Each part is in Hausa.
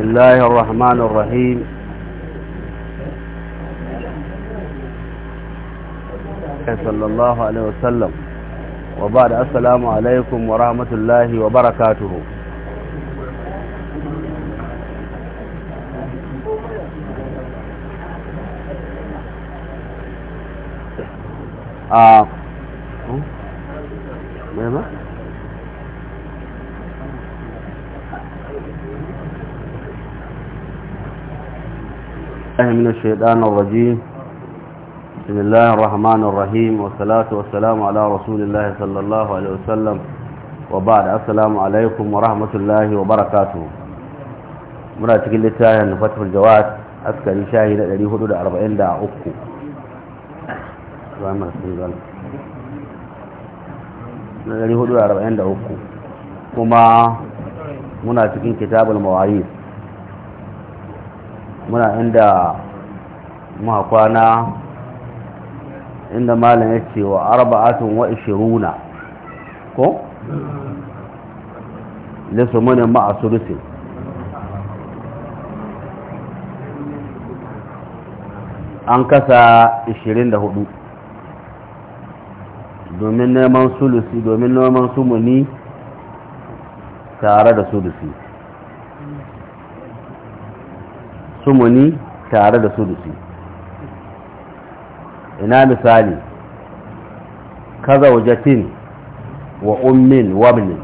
بسم الله الرحمن الرحيم صلى الله عليه وسلم وبعد السلام عليكم ورحمة الله وبركاته الله من الشيطان الرجيم بسم الله الرحمن الرحيم والصلاة والسلام على رسول الله صلى الله عليه وسلم وبعد السلام عليكم ورحمة الله وبركاته مراتك اللي تاهن فتح الجواد أسكري شاهد الذي هدود أربعين دا أكو الذي هدود أربعين دا أكو كما مناتك كتاب المواعيد muna inda makwana inda malam ya ce wa arba'atun wa ishiruna ko? lisa mani ma'asu rufe an kasa 24 domin neman sulusi domin neman sumuni tare da sulusi sumuni tare da sudusi ina misali kaza wajatin wa ummin wabnin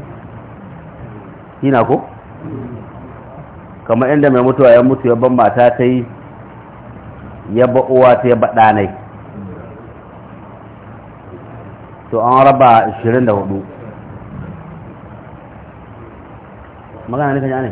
ina ko kamar inda mai mutuwa ya mutu yabban mata ta yi yabba uwa ta yabba ɗanai to an raba 24 magana ne ka ne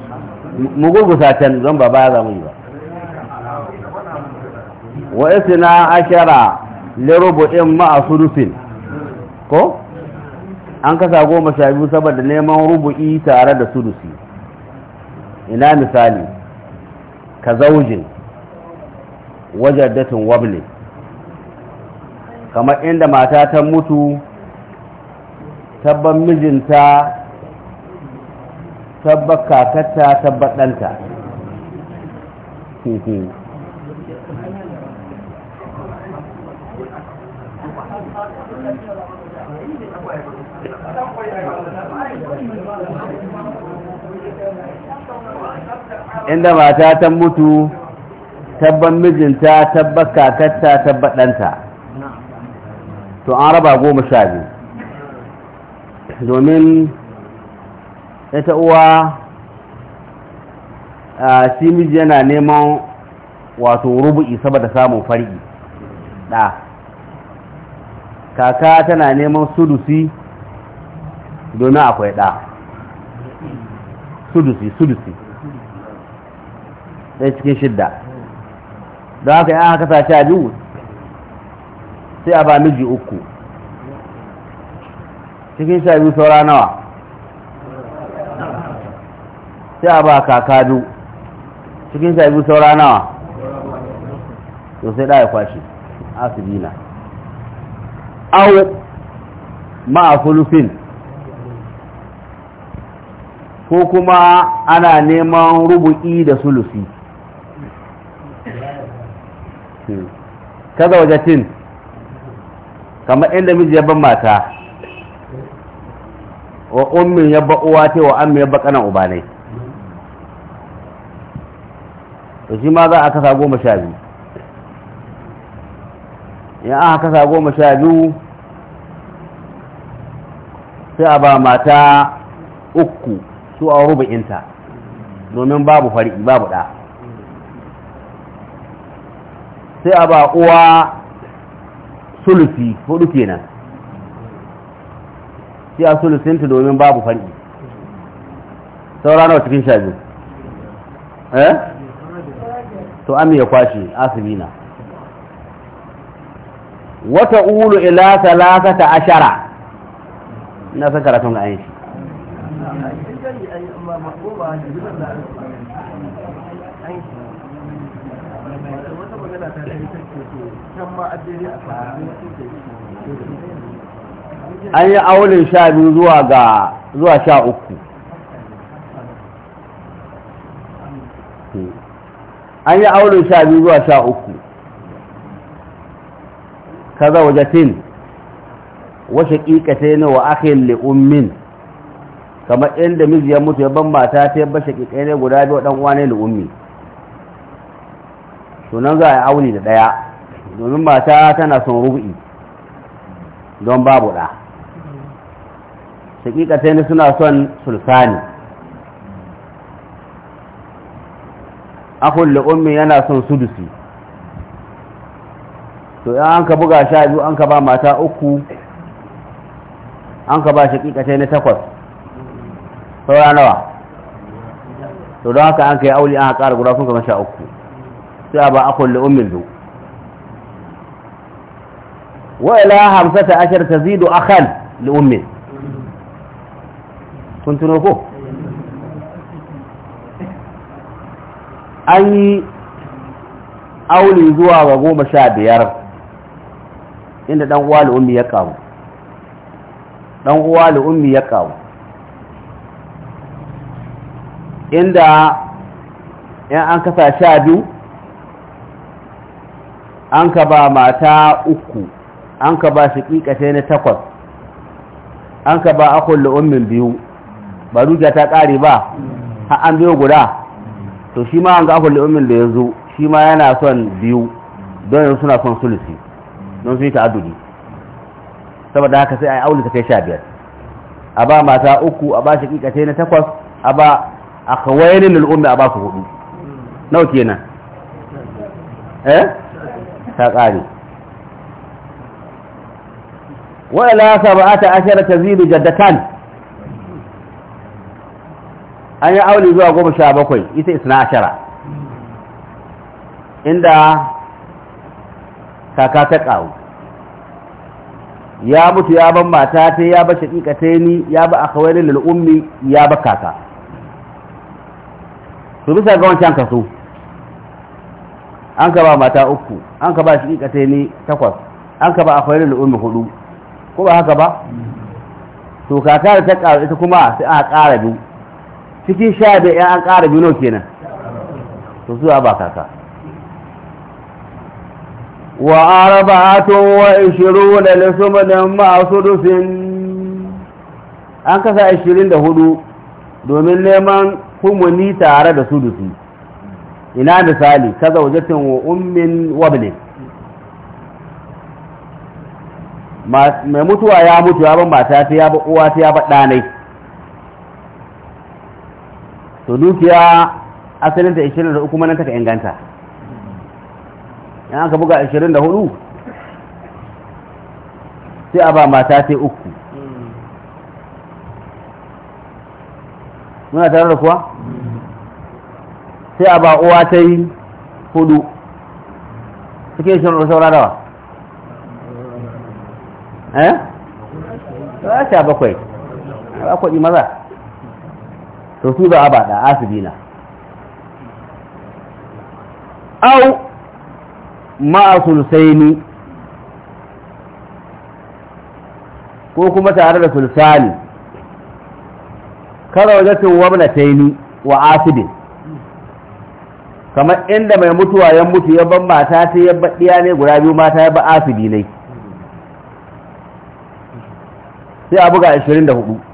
mu gurgusa can zan ba baya zamu yi ba wa isna ashara li rubu'in ma'a sudusin ko an kasa goma sha biyu saboda neman rubu'i tare da sudusi ina misali ka zaujin wajaddatin wabli kamar inda mata ta mutu tabban mijinta tabbar kakata tabbar ɗanta inda mata ta mutu tabban mijinta tabbar kakata tabbar ɗanta to an raba goma sha biyu domin ita uwa shi miji yana neman wato rubu'i saboda samun far'i da kaka tana neman sudusi domin akwai da sudusi sudusi ɗaya cikin shidda don haka yan haka sace a biyu sai a ba miji uku cikin sha biyu saura nawa sai a ba kaka biyu cikin sha biyu saura nawa to sai ɗaya kwashe asibina au ma'a fulufin ko kuma ana neman rubu'i da sulufi kaza wajatin kamar inda miji ya ban mata wa ummin ya ba uwa ce wa amma ya ba kanan ubanai to shi ma za a kasa goma sha biyu in aka kasa goma sha biyu sai a ba mata uku su a rubu'inta domin babu fari babu ɗa sai a ba uwa sulufi hudu kenan sai a sulufinta domin babu fari saura nawa cikin sha biyu eh to an ya kwashe asibina wata ulu ila talatata ashara na san karatun ga shi an yi aulin sha biyu zuwa sha uku an yi aure sha biyu zuwa sha uku ka zaujatin wa ne wa akhin li ummin kamar inda miji ya mutu ya ban mata ta yabba shaqiqai ne guda biyu dan uwa ne li ummi sunan za a yi aure da ɗaya domin mata tana son rubi don babu ɗa da ne suna son sulsani akun da ummi yana son sudusi to yan an ka buga sha biyu an ka ba mata uku an ka ba shaƙiƙatai na takwas saura nawa to don haka an ka yi auli an haƙa guda sun kama sha uku sai a ba akun da ummin zu wa ila hamsata ashar tazidu akhal li ummin kun tuno ko an yi aure zuwa ga goma sha biyar inda ɗan uwa ummi ya kawo ɗan uwa ummi ya kawo inda yan an kasa sha biyu an ka ba mata uku an ka ba shi ƙiƙashe na takwas an ka ba akwai la'ummin biyu ba ta ƙare ba an biyo guda to shi ma an ga akwai li'ummin da ya zo shi ma yana son biyu don yanzu suna son sulusi don su yi ta'adudi saboda haka sai a yi aulita kai sha biyar a ba mata uku a ba shi na takwas a ba a kawainin a ba su hudu nau kenan eh ta ƙare wa ila sab'ata ashara tazidu jaddatan an yi aure zuwa goma sha bakwai ita isna ashara inda kaka ta ƙawo ya mutu ya ban mata ta ya ba shaƙiƙa ta ni ya ba akawairin lil'ummi ya ba kaka su bisa ga wancan kaso an ka ba mata uku an ka ba shaƙiƙa ta ni takwas an ka ba akawairin lil'ummi hudu ko ba haka ba to kaka da ta ƙawo ita kuma sai a ƙara biyu cikin sha da ya an ƙara bino kenan to zuwa ba kaka wa arba'atun wa ishiru da da masu dusin an kasa ashirin da hudu domin neman kumuni tare da sudusi ina misali kaza wajatin wa ummin wabne mai mutuwa ya mutu ya ban mata ta ya ba uwa ta ya ba ɗanai to dukiya asalin ta 23 kuma nan taka inganta yana ka buga 24 sai a ba mata sai uku muna tare da kuwa sai a ba uwa ta yi hudu suke shirin saura dawa eh? ba sha bakwai ba kwaɗi maza to su ba a ba da asibina au ma'a saini ko kuma tare da sulsani karawajatin wamnataini wa asibin kamar inda mai mutuwa ya mutu ya ban mata ta ya baɗiya ne guda biyu mata ya ba asibi ne sai a buga 24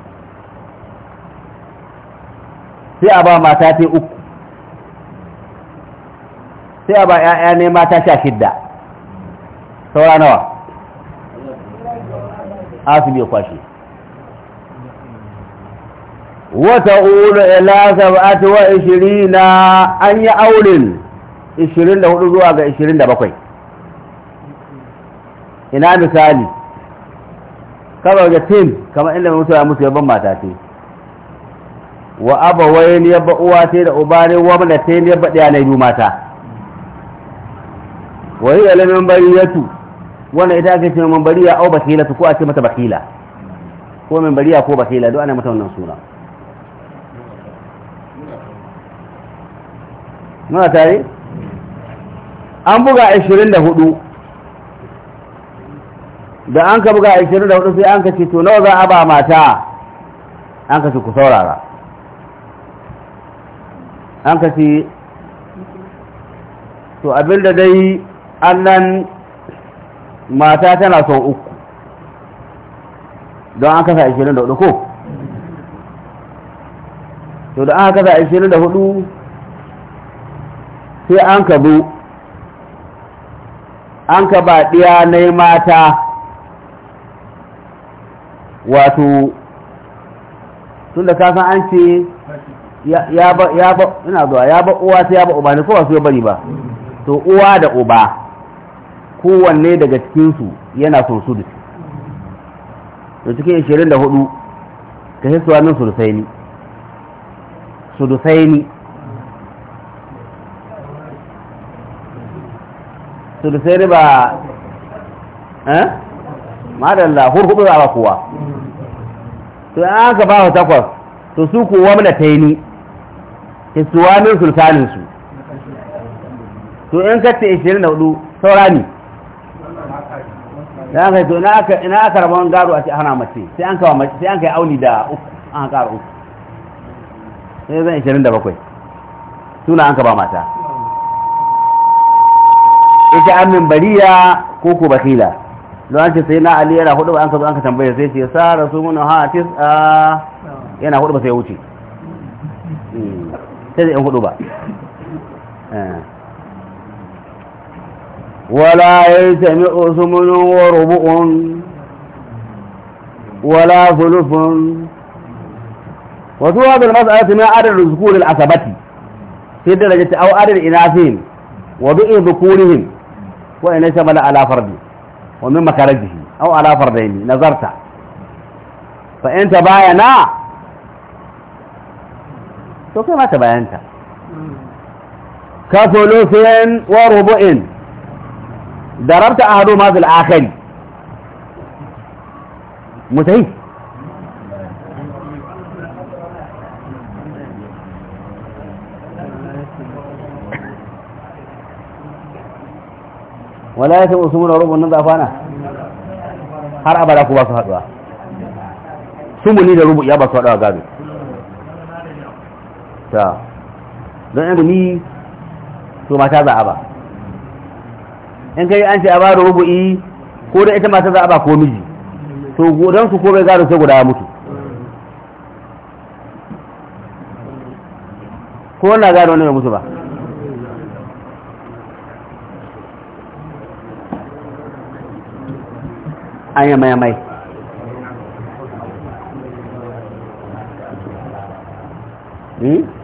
sai a ba mata ta uku sai a ba 'ya'ya ne mata sha shidda saura nawa asibi kwashe wata ulu ila sab'ati wa 20 an yi aurin 24 zuwa ga 27 ina misali kaba ga tim kamar inda mutu ya mutu ya ban mata ce wa abawai ne ya uwa sai da uba ne wa mana ta ne ya baɗi a biyu mata wa bari ya bariyatu wannan ita ake ce min bariya au bakila ko a ce mata bakila ko min bariya ko bakila duk ana mata wannan suna muna tare an buga 24 da an ka buga 24 sai an ka ce to nawa za a ba mata an ka ce ku saurara an ka ce to abinda dai an nan mata tana son uku don an kasa 24 ko to da an kasa 24 sai an ka bu an ka ba ɗiya na mata wato tun da kasan an ce ya ba ya ba ina zuwa ya ba uwa sai ya ba uba ne ko wasu ya bari ba to uwa da uba kowanne daga cikin su yana son su to cikin 24 ka hisu wannan sudusaini sudusaini sudusaini ba eh madalla hurhubu ba kowa to an ka ba takwas to su ku wamna ta yi suwa min su to in ishirin da 24 saura ne da aka to ina aka rabon gado a ce hana mace sai an kawo mace sai an kai auni da uku an kara uku sai zan 27 suna an ka ba mata ita an min bariya ko ko bakila lo an ce sai na ali yana hudu an ka zo an ka tambaye sai ce sa rasu mun ha tis a ah, yana hudu ba sai wuce eh, sai da yi hudu ba eh. wala ya sami usumunin wa rubu'un wala fulufun wasu wadda masu ayyata mai adadin zukurin asabati sai da rajata au adadin inafin wa bi'in zukurihim ko ina shamala ala fardi wa min makarajihi au ala fardaini nazarta fa baya na. to kai mata bayanta ka sulusin wa rubu'in darabta ahadu ma fil akhiri mutai, wala ya san usmuna rubun nan zafana har abada ku ba su haduwa sumuni da rubu ya ba su haduwa gado ta don yan gumi to mata za a ba in kai an ce a ba da rubu'i ko da ita mata za a ba ko miji to don su ko bai gado sai guda mutu ko wanda gado ne mai mutu ba an yi yamma. Hmm?